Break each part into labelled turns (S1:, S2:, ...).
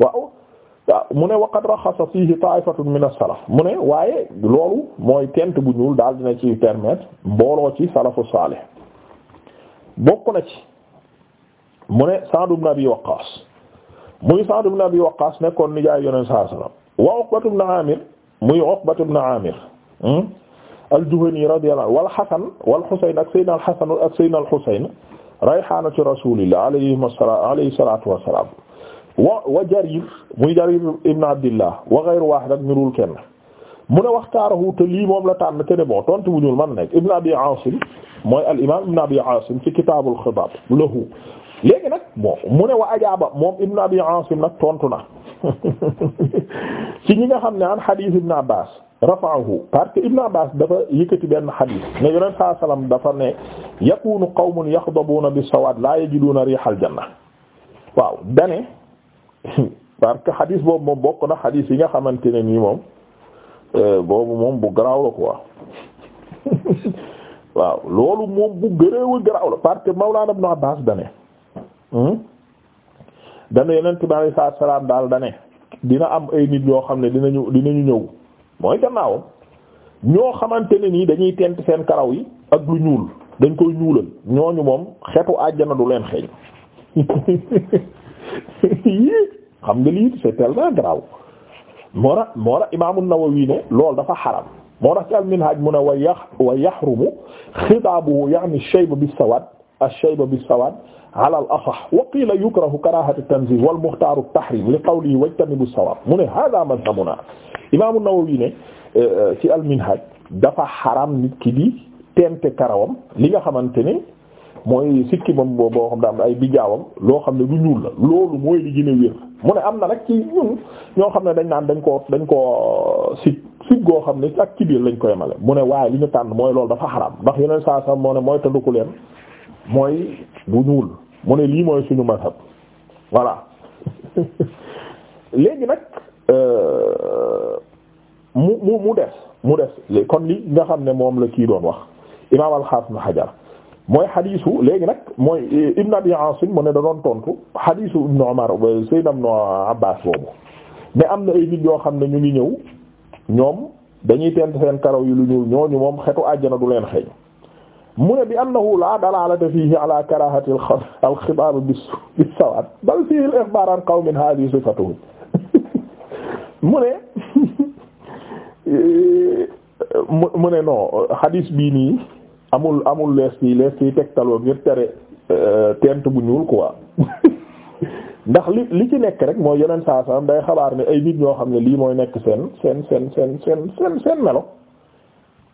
S1: waaw waaw mu ne waqad raxasa fiihi ta'ifatun min as-salaf mu ne waaye loolu mooy tent bu ñuul daal dina ci permettre mbooloo ci salafu salih bokk na ci mu ne Sa'd ibn Abi Waqqas muy Sa'd ibn Abi Waqqas nekkoon nijaay yoneen saa salaam wa Uqbatu ibn Amir muy Uqbatu ibn Amir hmm? al-Juhani radiyallahu anhu wal Hasan wal Husayn ak Sayyidina al-Hasan ak Sayyidina al-Husayn rayhanatu Rasulillah alayhi salaatu wa salaam wa wa jarir muy jarir ibn abdillah wa ghayr wahid ak ñurul kenn mu ne waxtaarahu te lii moom la tànn te ne bon tontu bu ñuul man nekk ibn abi asim mooy al imam ibn abi asim ci kitaabul xitaab lahu léegi nag bon mu ne wa ajaaba moom ibn abi asim nag tontu na ci ñi nga xam ne an hadith ibn abbas rafa'ahu parce que ibn abbas dafa yëkkati benn hadith ne yonent saa sallam dafa ne yakunu qawmun yaxdabuuna bis sawaad laa yajiduuna riihal janna waaw dane parce que xadis boobu moom bokk na xadis yi nga xamante ne nii moom euh, boobu moom bu garaaw la quoi waaw loolu moom bu gëreew a garaaw la parce que Mawlana Ibn Abbas dane hmm? dane yonent bi alayhi salaam daal dane dina am ay nit yoo xam ne dinañu dinañu ñëw mooy gannaawam ñoo xamante ne nii dañuy tent seen karaw yi ak lu ñuul dañ koy ñuulal ñooñu moom xetu àjjana du leen xeeñ xam nga lii c'est tellement grave moo tax moo tax Imaam An-Nawawi ne loolu dafa xaram moo tax ci al-Minhaj mu ne wa yax wa yaxrumu xitaabuhu ya'ni ash-shayb bis-sawaad ash-shayb bis-sawaad ala al-asah wa qiila yukrahu karaahatu at-tanziih wal-muxtaaru at-tahriim li qawlihi wajtanibu as-sawaab mu ne haaza madhabunaa Imaam An-Nawawi ne euh, euh, ci al-Minhaj dafa xaram nit ki di teente karawam li nga xamante ni mooy sikkimam boobu boo xam ne am ay bijaawam loo xam ne du ñuul la loolu mooy li gën mu ne am na nag ci ñun ñoo xam ne dañ naan dañ koo dañ koo sikk sikk goo xam ne ak ci biir lañ koy male mu ne waaye li ñu mooy loolu dafa xaram ndax yeneen saa saa moo ne mooy tënduku leen mooy bu ñuul mu ne lii mooy suñu mazhab voilà léegi nag euh, mu mu mu des mu des kon li nga xam ne moom la kii doon wax imaam al-Hafiz Hajar mooy xadiisu léegi nag mooy Ibn Abi Asim mu ne da doon tontu xadiisu Ibn Umar noo Ibn Abbas boobu mais am na ay nit yoo xam ne ñu ngi ñëw ñoom dañuy tent seen karaw yi lu ñuul ñooñu moom xetu àjjana du leen xeeñ mu ne bi annahu la dalalata fihi ala karahati al xitaab bis sawaad bal fihi al ixbaar an qawmin hadihi sifatuhum mu ne mu ne non xadiis bii nii amul amul lees bi lees bi tegtaloo ngir tere euh, tent bu ñuul quoi ndax li li ci nekk rek mooy yeneen saa saa day xabaar ni ay nit ñoo xam ne lii mooy nekk seen seen seen seen seen seen seen melo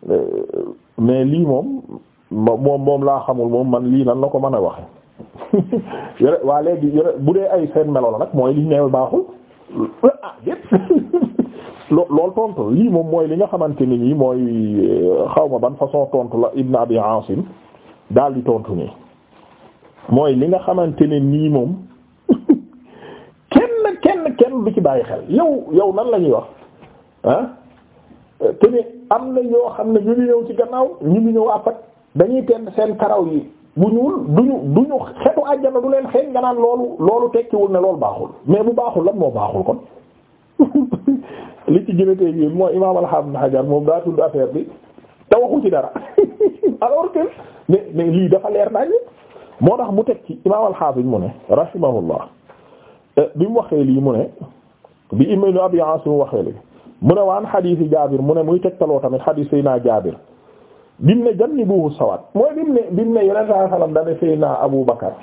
S1: euh, mais lii moom moom moom laa xamul moom man lii nan la ko mën a wax yore waa léegi yore bu dee ay seen melo la nag mooy liñ ne baaxul ah yépp loolu tontu la lii moom mooy li nga xamante ne nii mooy euh, xaw ma ban façon tontu la Ibn Abi Asim daal di tontu nii mooy li nga xamante ne nii moom kenn kenn kenn du ci bàyyi xel yow yow nan la ñuy wax ah te ni am na yoo xam ne ñu ngi ñëw ci gannaaw ñu ngi ñëw àppat dañuy tenn seen karaw yi bu ñuul duñu ñu xetu àjjana du leen xeeñ nga naan loolu loolu tekkiwul ne loolu baaxul mais bu baaxul lan moo baaxul kon. li ci gën a tey jii mooy imaam al-Hafiz Ibn moom daa tudd affaire bi te waxu ci dara alors que mais mais lii dafa leer nañ moo tax mu teg ci imaam al-Hafiz mu ne rahimahullah euh, bi mu waxee lii mu ne bi Ibn Abi Asim waxee lii mu ne muy teg taloo mu ne muy tegtaloo tamit xadiis Seydina Jaabir bim ne jannibuhu sawaat mooy bim ne bim ne Yonent sallallahu alayhi wasallam da ne Abu Bakar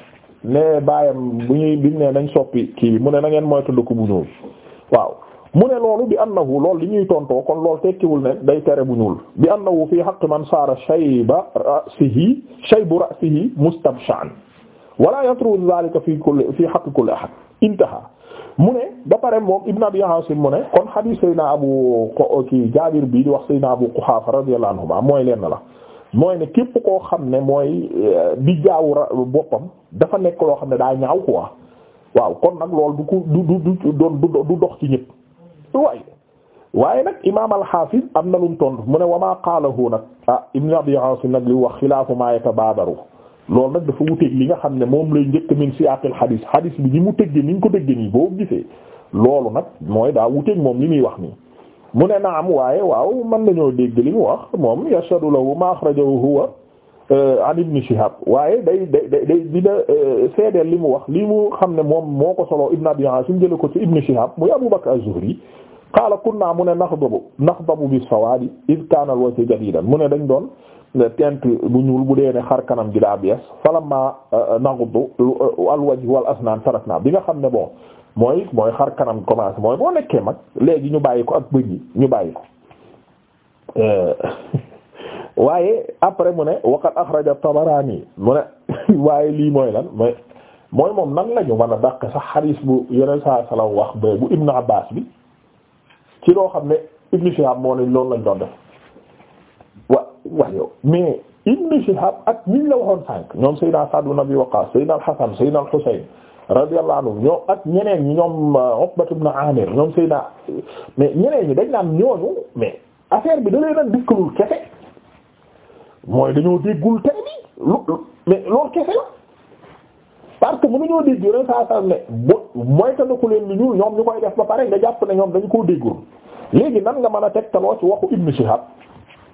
S1: ne baayam bu ñuy bim ne nañ soppi kii bi mu ne na ngeen moytu dëkk bu ñuul waaw. mu ne loolu bi annahu loolu li ñuy tontoo kon loolu tekkiwul ne day tere bu ñuul bi annahu fii haqq man saara shayba ra'sihi shaybu ra'sihi mustabsha'an wala yatru dhalika fi kulli fi haqq kulli ahad intaha mu ne ba pare moom Ibn Abi Asim mu ne kon hadith Seydina Abu ki Jaabir bii di wax Seydina Abu Quhaafa radiyallahu anhuma mooy lenn la mooy ne képp koo xam ne mooy eh, di jaawu boppam dafa nekk loo xam ne daa ñaaw quoi waaw kon nag lool du ko du du dox ci waay waaye nag imaam al-Hafiz am na lum tontu mu ne wa maa qaalahu nag ah ibn Abi Asim nag li wax xilaafu maa yatabadaru loolu nag dafa wuteeg li nga xam ne moom lay njëkk min siyaaqil xadis xadis bi ni mu tëgge ni ñu ko tëgge loolu nag mooy daa wuteeg moom li muy wax nii mu ne naam waaye waaw man nañoo dégg li mu wax moom yashadu lahu ma akhrajahu huwa Euh, an ibn Shihab waaye day day day di la euh, seedeel li mu wax li mu xam ne moom moo ko soloo ibn Abi Asim jële ko ci ibn Shihab muy Abu Bakr az-Zuhri qaala kunna mu ne naxdabu naxdabu bi sawaadi id kaana al-wajhu jadiidan mu ne dañ doon euh, tent bu ñuul bu dee ne xar kanam gi daa bees falamma naghdu al-wajh wal asnaan tarakna bi nga xam ne boo mooy mooy xar kanam commencé mooy boo nekkee mag léegi ñu bàyyi ko ak bëj yi ñu bàyyi ko waaye après mu ne waqad waaye lii mooy lan mooy mooy moom nan lañu mën a dàq sax xadiis bu yeneen saa salaam wax ba bu Ibn Abbas bi ci loo xam ne Ibn Shihab moo ne loolu lañ doon def wa wax yow mais Ibn Shihab ak ñiñ la waxoon sànq ñoom Seydina Sa'd ibn Abi Waqqas Seydina al-Hasan Seydina al-Husayn radiyallahu anhum ñoom ak ñeneen ñi ñoom euh, Uqbat ibn Amir ñoom Seydina mais ñeneen ñi dañ naan ñooñu mais affaire bi da leen a dikkalul mooy dañoo déggul tere bi lu mais loolu kese la parce que ñoo dégg yoneen saa am ne bu moytandiku leen lu ñuul ñoom ñu koy def ba pare nga jàpp ne ñoom dañu koo déggul léegi nan nga mën a tegtaloo ci waxu Ibn Shihab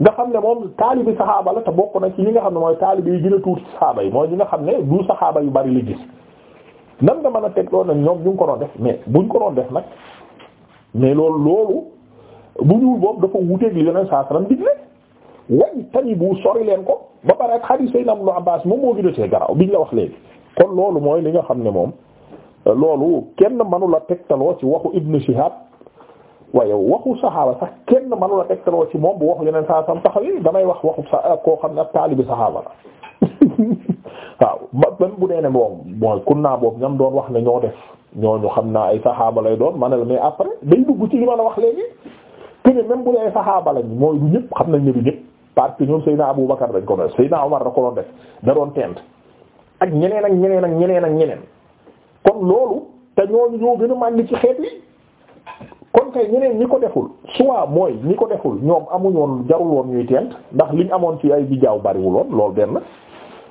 S1: nga xam ne moom taalibi saxaaba la te bokk na ci ñi nga xam ne mooy taalibi yi gën a tuuti saxaaba yi mooy ñi nga xam ne du saxaaba yu bari la gis nan nga mën a tegtaloo nag ñoom ñu ngi ko doon def mais buñ ko doon def nag mais loolu bu ñuul boobu dafa wuteeg li yoneen saa wañ tani bu sori leen ko ba pare ak xadiis say nam lu Abbaas moom moo gën a tee garaaw biñ la wax léegi kon loolu mooy li nga xam ne moom loolu kenn manula tegtaloo ci waxu Ibn Shihab waaye waxu saxaaba sax kenn manula tegtaloo ci moom bu waxu ñeneen saa sam taxawee damay wax waxu sa koo xam ne ak taalibi saxaaba la waaw même bu dee ne moom mooy kun naa boobu ñam doon wax ne ñoo def ñooñu xam naa ay saxaaba lay doon man la mais après day dugg ci li wax léegi que ne même bu dee saxaaba ñëpp xam nañ parce que ñoom Seydina Abu Bakar dañ ko doon Seydina Omar da ko doon def da doon tent ak ñeneen ak ñeneen ak ñeneen ak ñeneen kon loolu te ñooñu ñoo gën a màgg ci xeet yi kon kay ñeneen ñi ko deful soit mooy ñi ko deful ñoom amuñu woon jarul woon ñuy tent ndax liñ amoon ci ay bijaaw bariwuloon loolu benn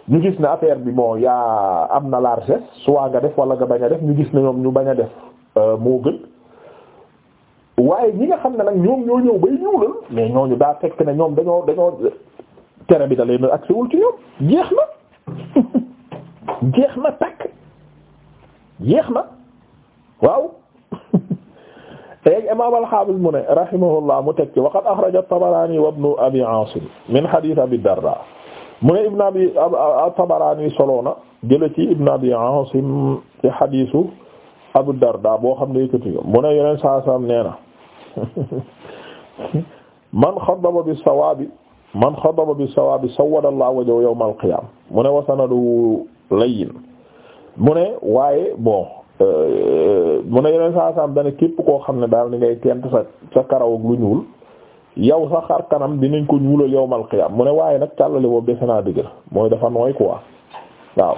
S1: ñu gis na affaire bi moo yaa am na largesse soit nga def wala nga bañ a def ñu gis ne ñoom ñu bañ a def euh, moo gën waaye ñi nga xam ne nag ñoom ñoo ñëw bay ñuulal mais ñooñu daa fekk ne ñoom dañoo dañoo tere bi da leen accès wul ci ñoom jeex na jeex na takk jeex na waaw léegi imaam al-Haafiz mu ne rahimahullah mu tekki waqad axraja at-Tabaraani wa ibnu Abi Aasim min hadiis Abi Dardaa mu ne ibnu Abi at-Tabaraani solo na jële ci ibnu Abi Aasim ci hadiisu Abu Dardaa boo xam ne yëkkati mu ne yeneen saa saam nee na man xaddaba bi sawaabi man xaw xaddaba bi sawaabi sawadallahu wajhahu yawmal qiyaam mu ne wasanadu layyin mu ne waaye bon euh, mu ne yeneen saa saam dana képp koo xam ne daal ni ngay tent sa sa karaw ak lu ñuul yow sa xar kanam dinañ ko ñuulal yawmal qiyaam mu ne waaye nag càllale boobu defe naa dëgër mooy dafa nooy quoi waaw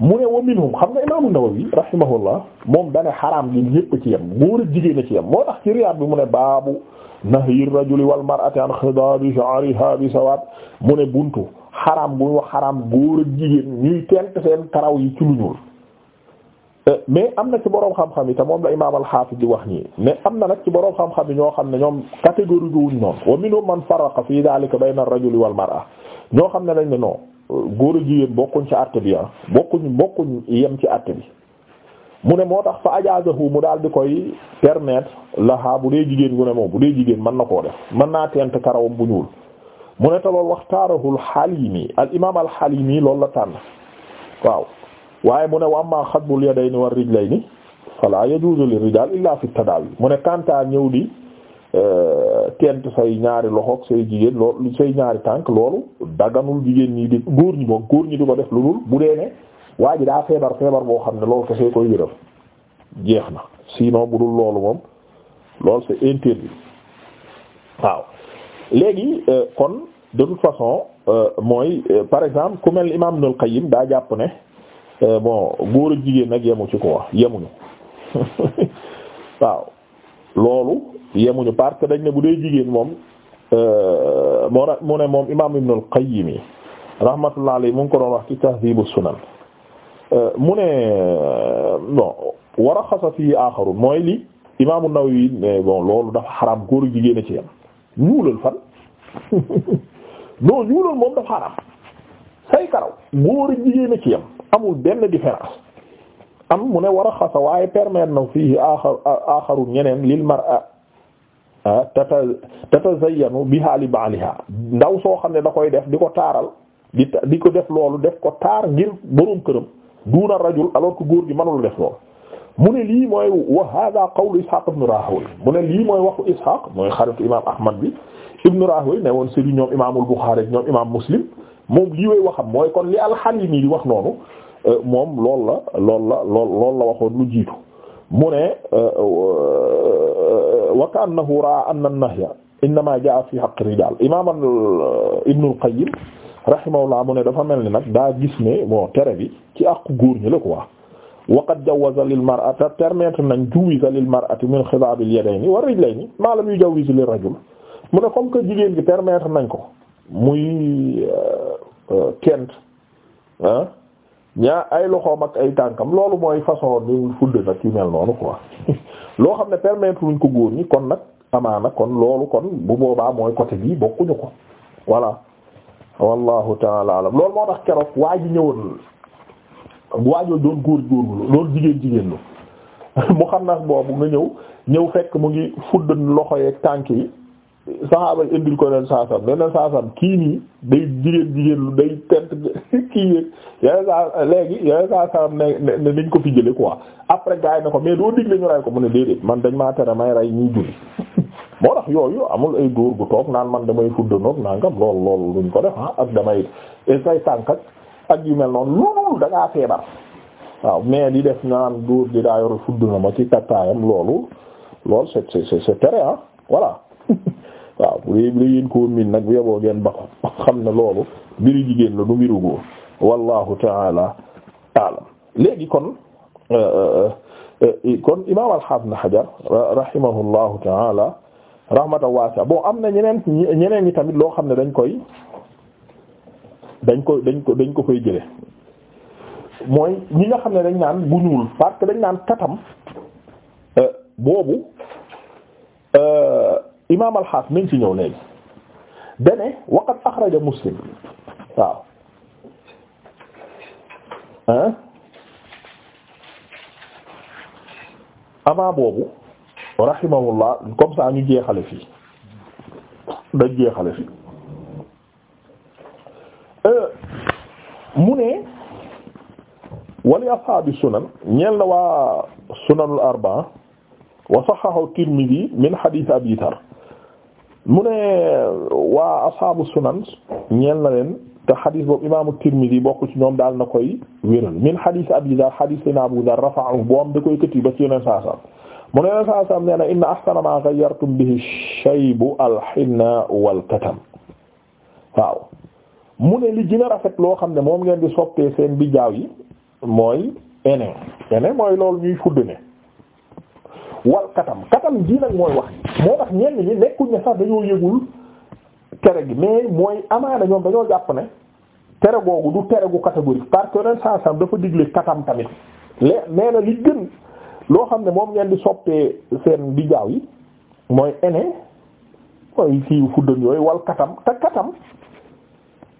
S1: mu ne wa minhum xam nga imaamu Nawawi rahimahullah moom dane xaraam gi ñépp ci yam góor ak jigéen ci yem moo tax ci Riyaad bi mu ne baabu nahyi rajuli wal mar'ati an xidaabi sha'riha bi waat mu ne buntu xaraam bu ñu wax xaraam góor ak jigéen ñuy tent seen karaw yi ci lu ñuul eh, mais am na ci boroom xam-xam yi te moom la imaam al-Hafiz wax nii mais am na nag ci boroom xam-xam yi ñoo xam ne ñoom catégorie bi wuñ noonu wa minhum man farraqa fii daalika bayna ar-rajuli wal mar'a ñoo xam ne dañ ne non góor a jigéen bokkuñ ci àtte bi ah bokkuñ bokkuñ yem ci àtte bi mu ne moo tax fa ajaazahu mu daal di koy permettre laxaa bu dee jigéen gu ne moom bu dee jigéen mën na ko def mën naa tent karawam bu ñuul mu ne talool waxtaarahu alxalimi al imam alxalimi loolu la tànn waaw waaye mu ne wa amma xadbul yadayni war rijlayni fala yajuzu lirrijal illa fi tadawi mu ne kanta ñëw di Euh, tent say ñaari loxoog say jigéen loolu say ñaari tànk loolu daganul jigéen ñi di góor ñi boog góor ñi di ko def lu dul bu dee ne waa ji daa feebar feebar boo xam ne loolu kese koy wéral jeex na sino bu dul loolu moom loolu c'est interdit waaw léegi euh, kon de toute façon euh, mooy par exemple ku mel imam Ibnul Qayyim daa jàpp ne bon góor ak jigéen ak yemu ci ko wax yemuñu waaw loolu yemuñu parce que dañ ne bu dee jigéen moom euh, moo tax mu ne moom imaam Ibnul Qayyim yi rahmatullah alayhi mu ngi ko doon wax ci Tahdibu Sunan euh, mu ne euh, bon war xasa fii aaxaru mooy li imaam An-Nawawi ne bon loolu dafa xaram góor jigéen a ci yam ñuulal fan non ñuulal moom dafa xaram say karaw góor jigéen a ci yam amul benn différence am mu ne war xasa waaye permettre na fii aaxaru aaxaru ñeneen lil mar'a tata tatazayyanu biha li ba'liha ndaw soo xam ne da koy def di ko taaral di di ko def loolu def ko taar ngir boroom këram duuna rajul alors ko góor gi mënul def loolu mu ne lii mooy wax hada qawlu ishaq ibn rahawayh mu ne lii mooy waxu ishaq mooy xaritu imam ahmad bi ibn rahawayh ne woon sëriñ ñoom imamul bukhari ak ñoom imam muslim moom lii way waxam mooy kon li alxalimi di wax noonu euh, moom loolu la loolu la lool loolu la waxoon lu jiitu mu ne euh, euh, wa kaannahu raa anna an-nahya innama jaa fi haqq rijaal imaam euh, Ibn al-Qayyim rahimahullah mu ne dafa mel ni nag daa gis ne bon tere bi ci àqu góor ñi la quoi waqad jawwaza lil mar'ati permettre nañ juwiza lil mar'ati min khidab al yadayni wa rijlayni ma lam yujawwiz lir rajul mu ne comme que jigéen gi permettre nañ ko muy kent ah ñaa ay loxoom ak ay tànkam loolu mooy façon ni fudd nag yu mel noonu quoi loo xam ne permettre luñ ko góor ñi kon nag amaana kon loolu kon bu boobaa mooy côté bii bokkuñu ko voilà wallahu taala alam loolu moo tax keroog waa ji ñëwoon waajoo doon góor góorlu loolu jigéen jigéen lu mu xam nag boobu nga ñëw ñëw fekk mu ngi fudd loxo yeeg tànk yi saxaaba yi indil ko leen saasam leneen saasam kii nii day jigéen jigéen lu day tent kii yéeg yeneen saa léegi yeneen saasam ne ne nañ ko fi jële quoi après gars yi ne ko mais doo digle ñu rey ko mu ne déedéet man dañ maa tere may rey ñuy julli moo tax yooyu amul ay góor gu toog naan man damay fuddanoog nangam lool lool luñ ko def ah ak damay say tànk ak ak yu mel noonu loolu da ngaa feebar waaw mais li def naan góor di daa yor fuddana ma ci kattaayam loolu loolu c'est c'est c'est tere ah voilà waaw bu dee yéen koo miin nag bu yeboo ngeen ba xam ne loolu mbiru jigéen la du mbiru góor wallahu taala alam léegi kon euh, euh, euh, kon imaam al-Hafiz Ibn Hajar rahimahullahu taala am na ñeneen ñeneen ñi tamit loo xam ne dañ koy dañ ko dañ ko dañ ko koy jële mooy ñi nga xam ne dañ naan bu ñuul parce que dañ naan katam boobu imaam alxaas nañ ci ñëw léegi dane waqad axraja muslim waaw hein boobu rahimahullah comme ça ñu jeexale fii dañ jeexale fii euh, mu ne wali ashaabi sunan ñeel na waa sunanul arba'a wa saxaxu tirmidi min xadiis abi mu ne waa ashaabu sunan ñeen na leen te xadis boobu imaamu Tirmidi bokk ci ñoom daal na koy wéral min xadis Abi Dar xadis sayna Abu Dar rafa'ahu boom da koy këti ba ci yeneen saasam mu ne yeneen saasam nee na inna ahsana ma ghayyartum bihi shaybu al-hinna wal waaw mu ne li gën rafet loo xam ne moom ngeen di soppee seen bijaaw yi mooy ene ene mooy loolu ñuy fudd ne wal katam katam ji nag mooy wax moo tax ñenn ñi nekkuñ ne sax dañoo yëgul tere gi mais mooy amaana ñoom dañoo jàpp ne tere googu du tere gu catégorie parce que ren saa sam dafa digle katam tamit le nee na li gën loo xam ne moom ngeen di soppee seen di jaaw yi mooy ene mooy fii fuddan yooyu wal katam te katam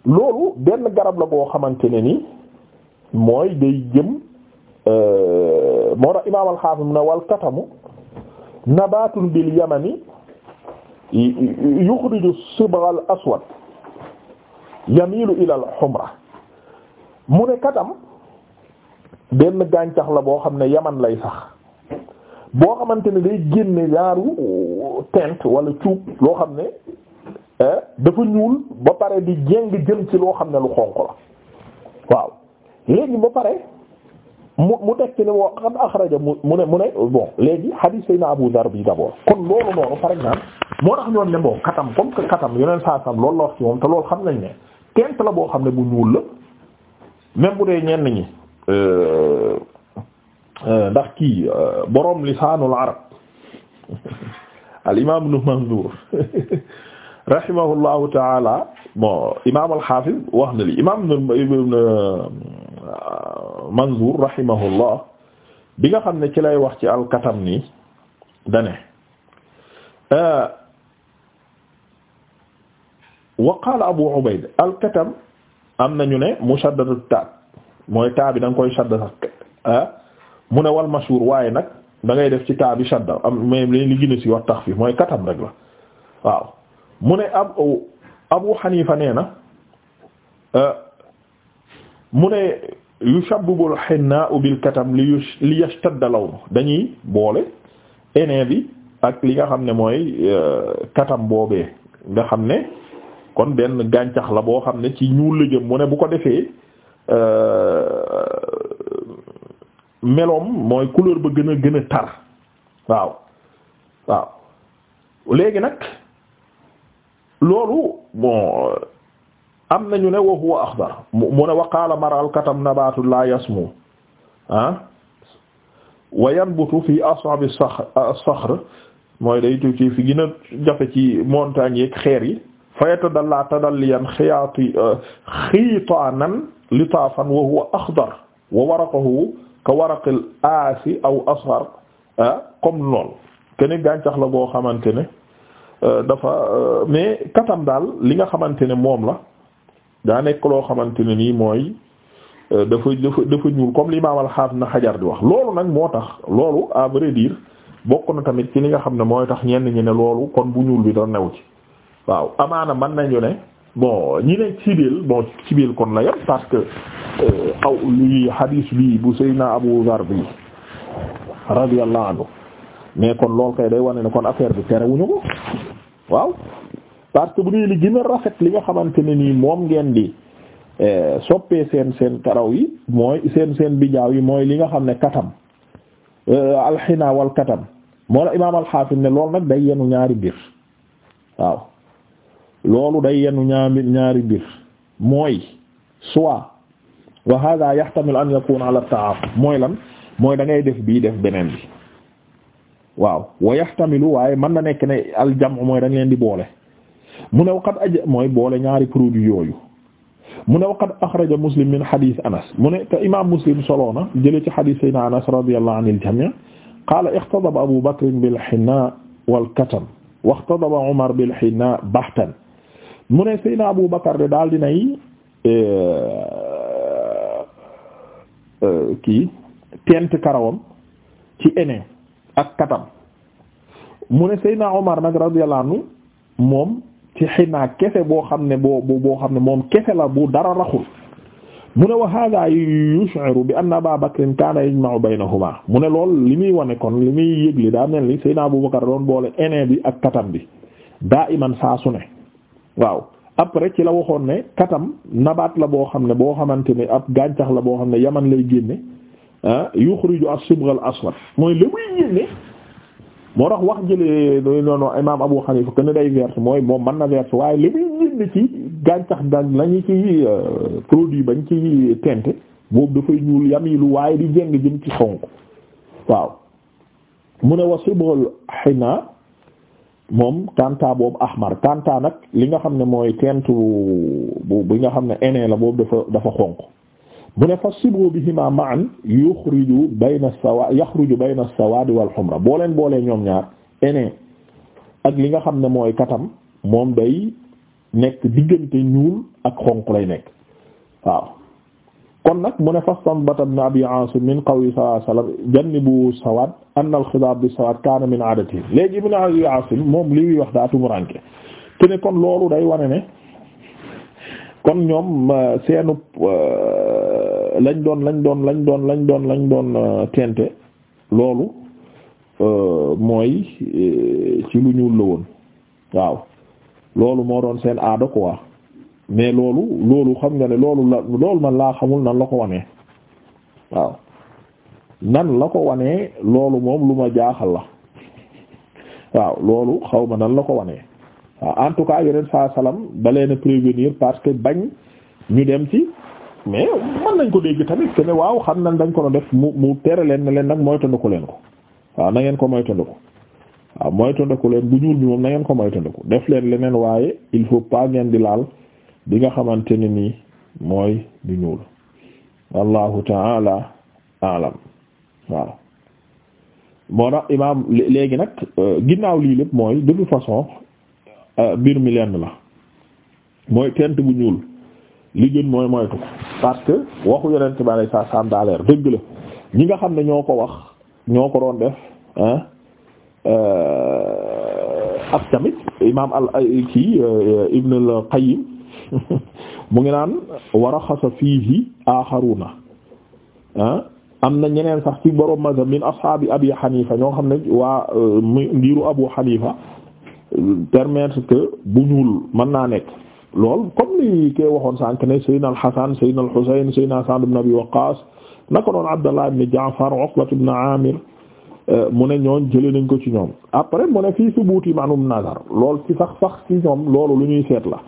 S1: loolu benn garab la boo xamante ne ni mooy day jëm euh, moo tax imaam al-Hafiz na wal katamu nabatun bil yamani yuxriju sibra al aswad yamilu ila al mu ne katam benn gàncax la boo xam ne yaman lay sax boo xamante ne day génne yaaru tent wala cuub loo xam ne eh, dafa ñuul ba pare di jéng jën ci loo xam ne lu xonq la waaw léegi ba pare mu mu tekki ne wa qad axraja mu mu ne mu ne bon léegi hadith sayna Abu Dharr bi d'abord kon loolu noonu par exemple moo tax ñoon ne bon katam comme katam yeneen saa sam loolu la wax ci moom te loolu xam nañ ne tent la boo xam ne bu ñuul la même bu dee ñenn ñi euh, euh, ndax kii euh, boroom lisaanul arab al imaam Ibn Manzur rahimahullahu taala bon imaam al wax na li imaam Manzuur rahimahullah bi nga xam ne ci lay wax ci alkatam nii dane wa qaala Abu Ubayd alkatam am nañu ne mu taa mooy taa bi da nga koy shadda ah, mu ne wal mashhuur waaye nag da ngay def ci taabi bi shadda am mais li gën a si tax fi mooy katam rek la waaw mu ne Abu Hanifa nee na mu ne yushabbabul hinnaa'u bil katam li li yashtadda lawnu dañuy boole enee bi ak li nga xam ne mooy euh, katam boobee nga xam ne kon benn gàncax la boo xam ne ci ñuul la jëm mu ne bu ko defee euh, meloom mooy couleur ba gën a gën a tar waaw léegi nag loolu bon am nañu ne wa huwa axdar mu ne wa qaala katam nabaatu la yasmu ah? wa yanbutu fi ashabi saxr mooy day tuuti fi gën a jafe ci montagne yeeg xeer yi fa yatadalla tadalliyan xiyaati xiitaanan litaafan wa huwa axdar wa waraqahu ka waraqil aasi aw asfar ah? comme lool kenn gàncax la goo xamante ne euh, dafa euh, mais katam daal li nga xamante ne moom la daa nekk loo xamante ne nii mooy euh, dafa dafa dafa ñuul comme l'imam al-Hafiz na xajar di wax loolu nag moo tax loolu à vrai bokk na tamit ci li nga xam ne mooy tax ñenn ñi ne loolu kon bu ñuul bi doon new ci waaw amaana man nañu ne boo ñi ne cibil bon cibil kon la yam parce que euh, aw li hadis bi bu Seydina Abu Zar bi radiyallahu anhu mais kon loolu kay day wane ne kon affaire bi terewuñu ko waaw parce que bu dee li gën a rafet li nga xamante ne nii moom ngeen di eh, soppee seen seen karaw yi mooy seen seen bijaaw yi mooy li nga xam ne katam eh, alxinaa wal katam moo la ne loolu nag day yenu ñaari mbir waaw loolu day yenu ñaari ñaari mbir mooy soit wa hada yaxtamil an mooy lan mooy da ngay def bi def beneen bi waaw wa yaxtamilu waaye mën na nekk ne aljamu mooy dañ leen di boole mu ne waqad aj mooy boole ñaari produit yooyu mu ne waqad axraja muslim min xadis anas mu ne te imaam muslim soloo na jëlee ci xadis sayna anas radiyallahu anil jamii qaala ixtadaba abu bakr bil xinaa wal katam waxtadaba umar bil xinaa baxtan mu ne sayna abu bakr de daal dinay eh, eh, kii tent karawam ci ene ak katam mu ne sayna umar nag radiyallahu anhu moom ci xinaa kese boo xam ne boo boo xam ne moom kese la bu dara raxul mu ne wa yu yush'iru bi anna Aba Bakrin kaana yajma'u baynahuma mu ne lool li muy wane kon li muy yëgle daa mel ni Seydina Abu Bakar doon boole aîné bi ak katam bi daa iman saa su ne waaw après ci la waxoon ne katam nabaat la boo xam ne boo xamante ne ab gàncax la boo xam ne yaman lay génne ah yuxriju as-subgha al mooy li muy génne moo tax wax jëlee noonu noonu imaam Abu Hanifa kën ne day verse mooy moom man na verse waaye li muy jënd ci gàncax gan la ñu ci euh, produit bañ ci teinte boobu dafay ñuul yamilu waaye di jeng jëm ci xonq waaw mu ne wa sibghul moom kanta boobu ahmar kanta nag li nga xam ne mooy teinte bu bi nga xam ne enee la boobu dafa dafa xonq mu ne fa sibu bihima ma'an yuxriju bayna sawaad yaxruju bayna sawaadi wal xumra boo leen boolee ñoom ñaar ene ak li nga xam ne mooy katam moom day nekk diggante ñuul ak xonq lay nekk waaw kon nag mu ne fastanbata ibn abi asim min qawli sallallahu jannibu sawaad anna al-xitaab sawaad kaana min aadatihi léegi ibn abi asim moom li wax daa tumuranke te ne kon loolu day wane ne kon ñoom euh, seenu euh, lañ doon lañ doon lañ doon lañ doon lañ doon euh, tente loolu euh, mooy euh, ci lu ñuul la woon waaw loolu moo doon seen aada quoi mais loolu loolu xam nga ne loolu la loolu man laa xamul nan la ko wanee waaw nan la ko wane loolu moom lu ma jaaxal la waaw loolu xaw ma nan la ko wane waaw en tout cas yeneen saa salaam da prévenir parce que bañ ñu dem ci mais mën nañ ko dégg tamit que waaw xam nañ dañ ko doon def mu mu tere leen ne leen nag moytandiku leen ko waaw na ngeen ko moytandiku waaw moytandiku leen bu ñuul na ngeen ko moytandiku def leneen waaye il faut pas ngeen di laal bi nga xamante ne nii mooy du ñuul wallahu taala alam waaw moo tax imaam léegi nag euh, ginnaaw lii lépp mooy de toute façon euh, mbir mi lenn la mooy tent bu ñuul li gën mooy moytu ko parce que waxu yonent bi alayhi salaam daa leer dëgg la ñi nga xam ne ñoo ko wax ñoo ko doon def ah ak tamit imaam al kii euh, Ibn al mu ngi naan waraxasa fiihi aaxaruna ah am na ñeneen sax ci borom mazhab min ashaabi abi xanifa ñoo xam ne waa euh, ngiru abu xanifa permettre que bu ñuul mën naa nekk. lool comme ni kee waxoon sànq ne Seydina al-Hasan Seydina al-Husayn Seydina Sa'd ibn Abi Waqqas naka noonu Abdallah ibn Ja'far Uqba ibn euh, mu ne ñoon jëlee nañ ko ci ñoom après mu ne fii subuuti maanum nazar lool ci sax sax ci ñoom loolu lu ñuy seet la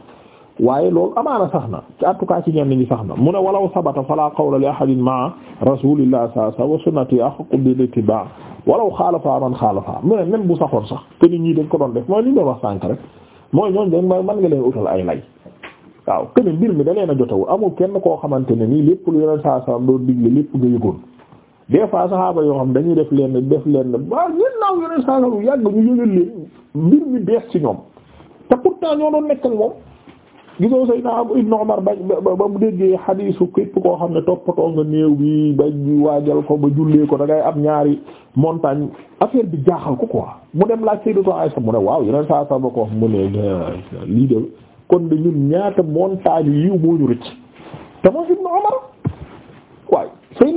S1: waaye loolu amaana sax na en tout cas ci ñenn ñi sax na mu ne walaw sabata fala qawla li ahadin ma'a rasulillahi sallallahu alayhi wa sunnati ahqqu bil ittiba' walaw xaalafa man mu ne même bu saxoon sax te nit ñii dañ ko doon def mooy li ñu wax sànq rek mooy ñooñ dañ ma mën nga leen utal ay lay waaw kene mbir mi da leen a jotawu amul kenn koo xamante ne nii lépp lu yeneen saa salam doon digle lépp nga yëgoon des fois saxaaba yoo xam dañuy def leen def leen ba ñen naaw yeneen saa salam yàgg ñu yëgal leen mbir mi bees ci ñoom te pourtant ñoo doon nekk ak moom gisoo Seydina Ibn Umar ba ba mu déggee xadiisu képp koo xam ne toppatoo nga néew bi ba waajal ko ba jullee ko dangay ngay am ñaari montagne affaire bi jaaxal ko quoi mu dem laaj Sayyidatu Aysa mu ne ko wax mu ne lii de kon de ñun ñaata montagne yiw seen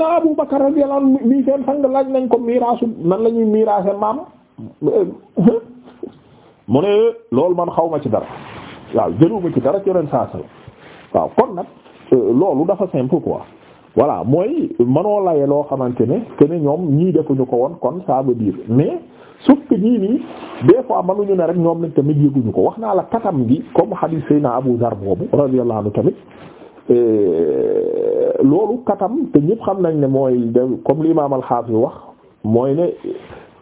S1: sang laaj nañ ko miraasu nan la ñuy miraase maam mu ne loolu man xaw ma ci dara. waaw jëluma ci dara ci ren saa sala waaw kon nag euh, loolu dafa simple ko voilà mooy manoo laye loo xamante ne que ñoom ñii defuñu ko woon kon ça veut dire mais sauf que ñii nii des fois mënuñu ne rek ñoom lañ tamit yëguñu ko wax naa la katam gi comme hadith sayna Abu Zar boobu radiyallahu anhu tamit euh, loolu katam te ñëpp xam nañ ne mooy comme l'imam al-Hafiz wax mooy ne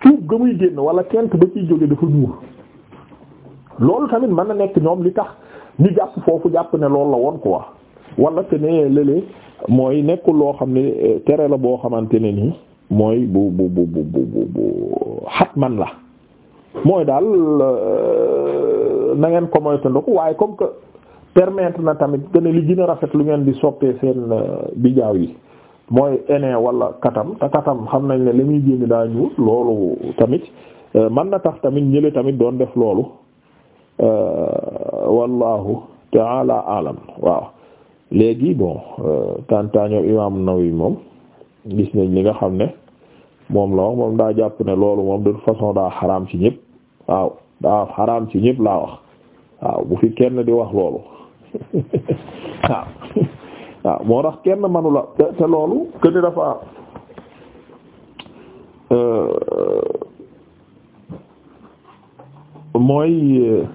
S1: cuub ga muy génn wala kent ba ciy jóge dafa ñuur loolu tamit mën na nekk ñoom li tax ñu jàpp foofu jàpp ne loolu la woon ko wala te ne léeg mooy nekkul loo xam ne euh, tere la boo xamante ne nii mooy bu bu bu bu xat man la mooy daal euh, na ngeen ko moytandiku waaye comme que permettre na tamit que ne li gën a rafet lu ngeen di soppee seen euh, bijaaw yi mooy ene walla katam te katam xam nañ ne li muy génn daa ñuul loolu tamit mën na tax tamit ñële tamit doon def loolu. Euh, wallahu taala alam waaw léegi bon kantañoo euh, imam Nawawi moom gis nañ li nga xam ne moom la wax moom daa jàpp ne loolu moom de toute façon daa xaraam ci ñépp waaw daa xaraam ci ñëpp laa wax waaw bu fi kenn di wax loolu waaw moo tax kenn manu la te te loolu que ni dafa euh, mooy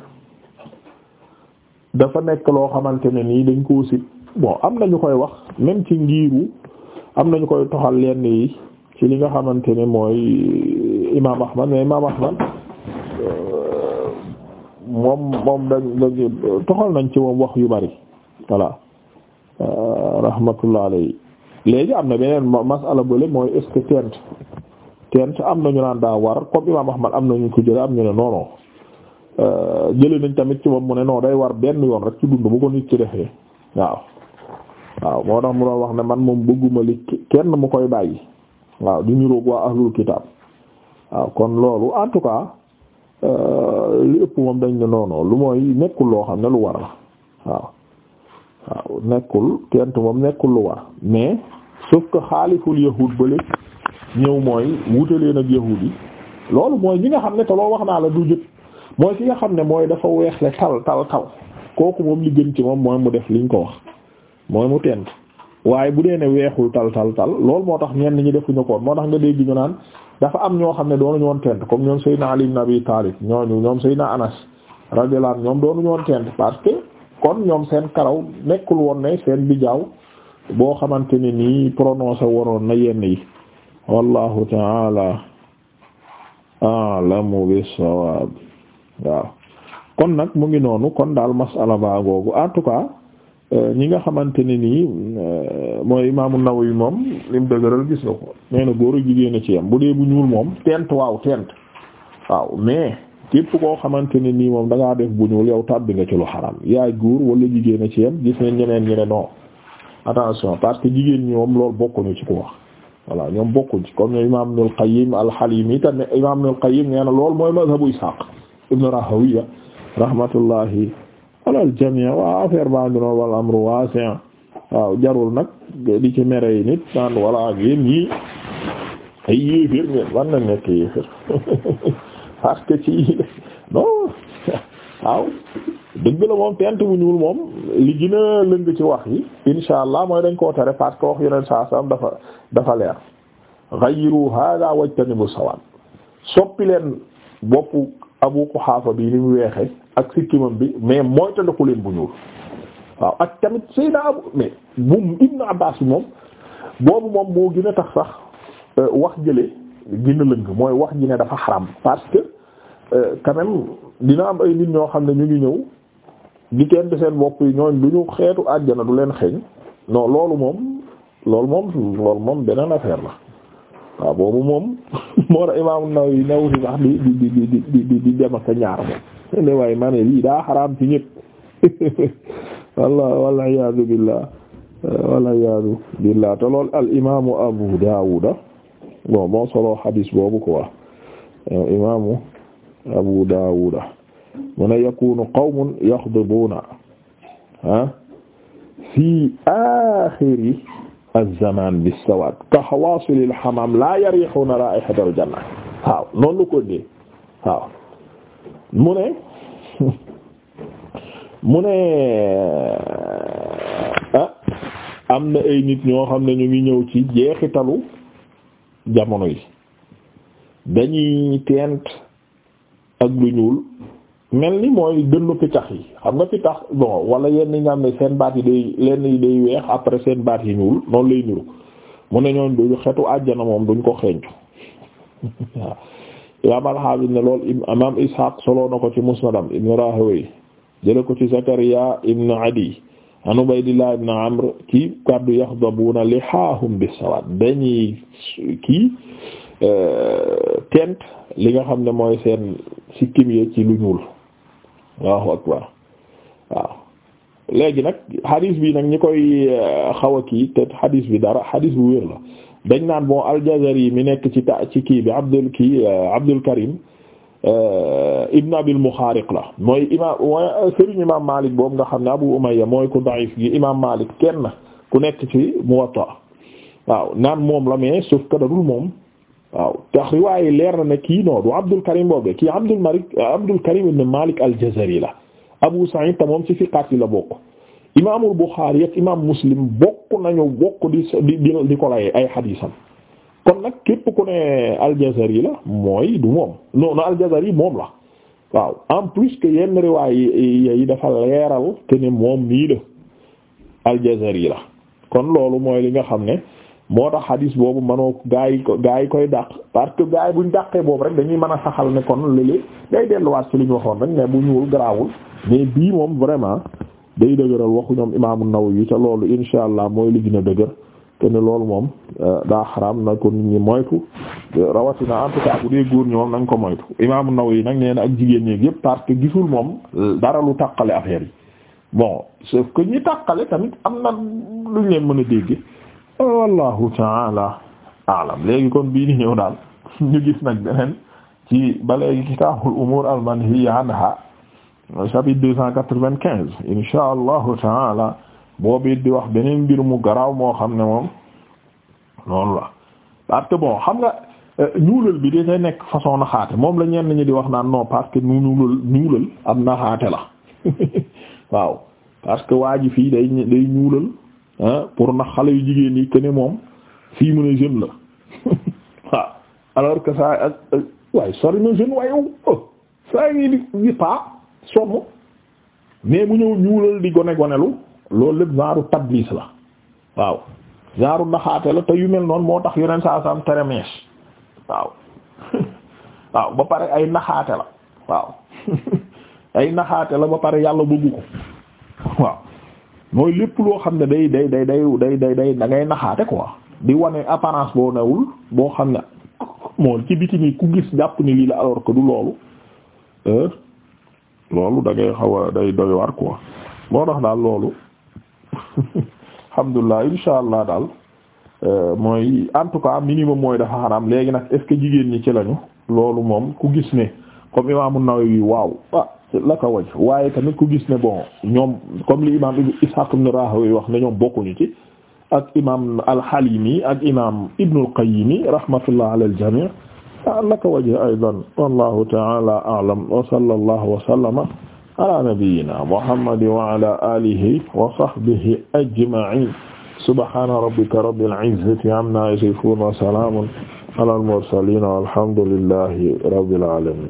S1: dafa nekk loo xamante ne nii dañ koo sit bon am nañu koy wax même ci ngiiru am nañu koy toxal lenn yi ci li nga xamante ne mooy imaam Ahmad mais imaam euh, moom moom dañ dañ toxal nañ ci moom wax yu bari voilà euh, rahmatullah alayhi léegi am na beneen masala bële mooy est-ce que tent tent am na ñu naan daa war comme imaam Ahmad am na ñu ko jëlee am ñu ne non Euh, jëlee nañ tamit ci moom mu ne noo day war benn yoon rek ci dund bu ko nit ci defee waaw waaw moo tax mu doon wax ne man moom bëgguma li kenn mu koy bàyyi waaw di niroog waa ahlul kitaab waaw kon loolu en tout cas euh, li ëpp moom dañ ne noonu lu mooy nekkul loo xam ne lu war la waaw nekkul kent moom nekkul lu war mais sauf que xaaliful yahud bële ñëw mooy wutaleen ak yahud yi loolu mooy ñi nga xam ne te loo wax naa la du jëkk mooy ki nga xam ne mooy dafa weexle tal tal tal kooku moom li ci moom mooy mu def liñ ko wax mooy mu tent waaye bu dee ne weexul tal tal tal loolu moo tax ñenn ñi defuñu ko moo tax nga dégg ñu naan dafa am ñoo xam ne doonuñu woon tent comme ñoom Seydina Ali ibn Abi Talib ñooñu ñoom Seydina Anas radiyallahu anhu ñoom doonuñu woon tent parce que kon ñoom seen karaw nekkul woon ne seen bijaaw boo xamante ne nii prononcé waroon na yenn yi wallahu ta'ala a'lamu bis-sawab waaw kon nag mu ngi noonu kon daal masala baa googu en tout cas euh, ñi nga xamante ne nii euh, mooy imaamu yi moom lim dëgëral gis nga ko nee na góor a jigéen a ci yam bu dee bu ñuul moom tent waaw tent waaw mais képp koo xamante ne nii moom dangaa ngaa def bu ñuul yow tàbbi nga ci lu xaram yaay góor wala jigéen a ci yam gis nañ ñeneen ñi ne non attention parce que jigéen ñi moom loolu bokkuñu ci ko wax voilà ñoom bokkuñ ci comme ñoom imaam Ibnul Qayyim al-Halimi te imaam Ibnul Qayyim nee ibn Rahawiya rahmatullahi alal jamii waaw affaire baa ngi noonu wal amru waasi' waaw jarul nag di ci mere yi nit naan wala ak yéen ay yéefir ngeen war nekk yéefir parce ci non waaw dëgg la moom tent bu ñuul moom li gën lëng ci wax yi insha allah mooy dañ koo tere parce wax yeneen saa saam dafa dafa leer ghayru hada wajtanibu sawab soppi leen boppu Abu Quhafa bi ni mu weexe ak sikkimam bi mais mooy te ko leen bu ñuul waaw ak tamit Seydina Abu mais bu Ibn Abbas bi moom boobu moom moo gën a tax sax euh, wax jële gën a lëng mooy wax ji ne dafa xaram parce que euh, quand dina am ay nit ñoo xam ne ñu ngi ñëw di kenn di seen bopp yi ñooñ du ñu xeetu àjjana du leen xeeñ non loolu moom loolu moom loolu moom beneen affaire la a boobu moom moo Imaam An-Nawawi sax di di di di ñaar moom ne waaye ma lii daa xaraam ci ñëpp walla walla iyaadu billaah walla al imaamu Abu Daawuda bon moo solo xadiis boobu quoi imaamu Abu Daawuda mu ne yakunu qawmun yaxdibuuna ah, fi aaxiri az bi bis-sawaad ka hawaasilil hamaam laa yariihuuna raa'ihatal janna waaw noonu ko dee waaw mu ne mu ne ah am na ay nit ñoo xam ne ñu ngi ñëw ci jeexitalu jamono yi dañuy teent ak lu ñuul mel ni mooy dënnu pitax yi xam nga pitax bon wala yenn yi nga xam ne seen baat yi day lenn yi day weex après seen baat yi ñuul noonu lay niru mu ne ñooñ duñu xetu àjjana moom duñ ko xeeñcu waaw imaam alxaafis ne lool imaam Ishaq soloo na ko ci musnadam ibnu Rahawayh jële ko ci Zakariya ibnu Adi an Ubaydillah ibnu Amr kii kaddu yaxdabuuna lihaahum bisawaad dañuy kii euh, tent li nga xam ne mooy seen sikkim yi ci lu ñuul Allahu akbar waaw léegi nag hadis bi nag ñi koy euh, xaw a kii te hadis bi dara hadis bu wér la dañ naan bon al-Jazari mi nekk ci ta ci kii bi Abdul kii euh, Abdul Karim euh, Ibn Abil Mukhariq la mooy imaam mooy imaam Malik boobu nga xam ne Abu Umayya mooy ku da'if gi imaam Malik kenn ku nekk ci Muwatta waaw naan moom la mais sauf que moom. waaw tax riwaay leer na ne kii non du Abdul Karim boobe kii Abdul Malik Abdul Karim ibn Malik al la Abu Sa'id ta moom ci fiqaat yi la bokk imaamul Buxaari ak imaam Muslim bokk nañu bokk di di ko laye ay xadiisam kon nag képp ku ne al la mooy du moom non non al-Jazari moom la waaw en plus que yenn riwaay yi dafa leeral te ne moom nii la al la kon loolu mooy li nga xam ne moo tax xadis boobu manoo gaa yi ko gaa yi koy dàq parce que gaa yi buñ dàqee boobu rek dañuy mën a saxal ne kon léeg-léeg day li ñu waxoon rek ne bu ñuwul garaawul mais moom vraiment day dëgëral waxu ñoom imaamu Nawawi te loolu insha allah mooy li gën a dëgër te ne loolu moom euh, daa xaraam na ko nit ñi moytu rawatina en tout cas bu dee góor ñi moom nañ ko moytu nag nee ak jigéen ñeeg yëpp parce que gisul moom euh, dara lu tàqale affaire bon sauf ñi tàqale tamit am na leen mën a dégg wallahu ta'ala a'lam léegi kon bii ni ñëw daal ñu gis nag beneen ci ba léegi kitaabul umuur al manhiyya anha chapitre deux cent quatre-vingt-quinze insha allahu ta'ala boobu di wax beneen mbir mu garaaw moo xam ne moom noonu la parce que bon xam nga euh, ñuulal bi dafay nekk façon naxaate moom la ñeen ñi di wax naan non parce que ñu ñuulal ñuulal am naxaate la waaw parce que waa ji day ñuulal Ah, pour ndax xale yu jigéen yi que moom fii mu ne jeune la waaw alors que saa ak waaye sori na jeune waaye oh, saa ngi di di pas mais bu ñëw ñuulal di gone gonelu loolu lépp genre tablis la waaw genre naxaate la te yu mel noonu moo tax yoneen saa saam tere mèche waaw waaw ba pare ay naxaate la waaw ay naxaate la ba pare yàlla bëggu ko waaw. mooy lépp loo xam ne day day day day day day day da ngay naxaate quoi di wane apparence boo newul boo xam ne moo ci biti ni ku gis jàpp ni lii la alors que du loolu euh, loolu da ngay xaw a day doy war quoi moo tax daal loolu alhamdulilah insha allah daal euh, mooy en tout cas minimum mooy dafa xaraam léegi nag est-ce jigéen ñi ci lañu loolu moom ku gis ne comme imaamu Nawawi waaw ah la ko waj waaye tamit ku gis ne bon ñoom comme li imaam Ishaq ibn Rahowi wax ne ñoom bokkuñu ci ak imaam al-Halimi ak imaam Ibn al-Qayyim rahmatullah ala al-jami' ah, la ko waj aydan wallahu ta'ala a'lam wa sallallahu wa sallama ala nabiyyina Muhammad wa ala alihi wa sahbihi ajma'in subhana rabbika rabbil izzati amma yasifun wa salamun ala al-mursalin walhamdulillahi rabbil alamin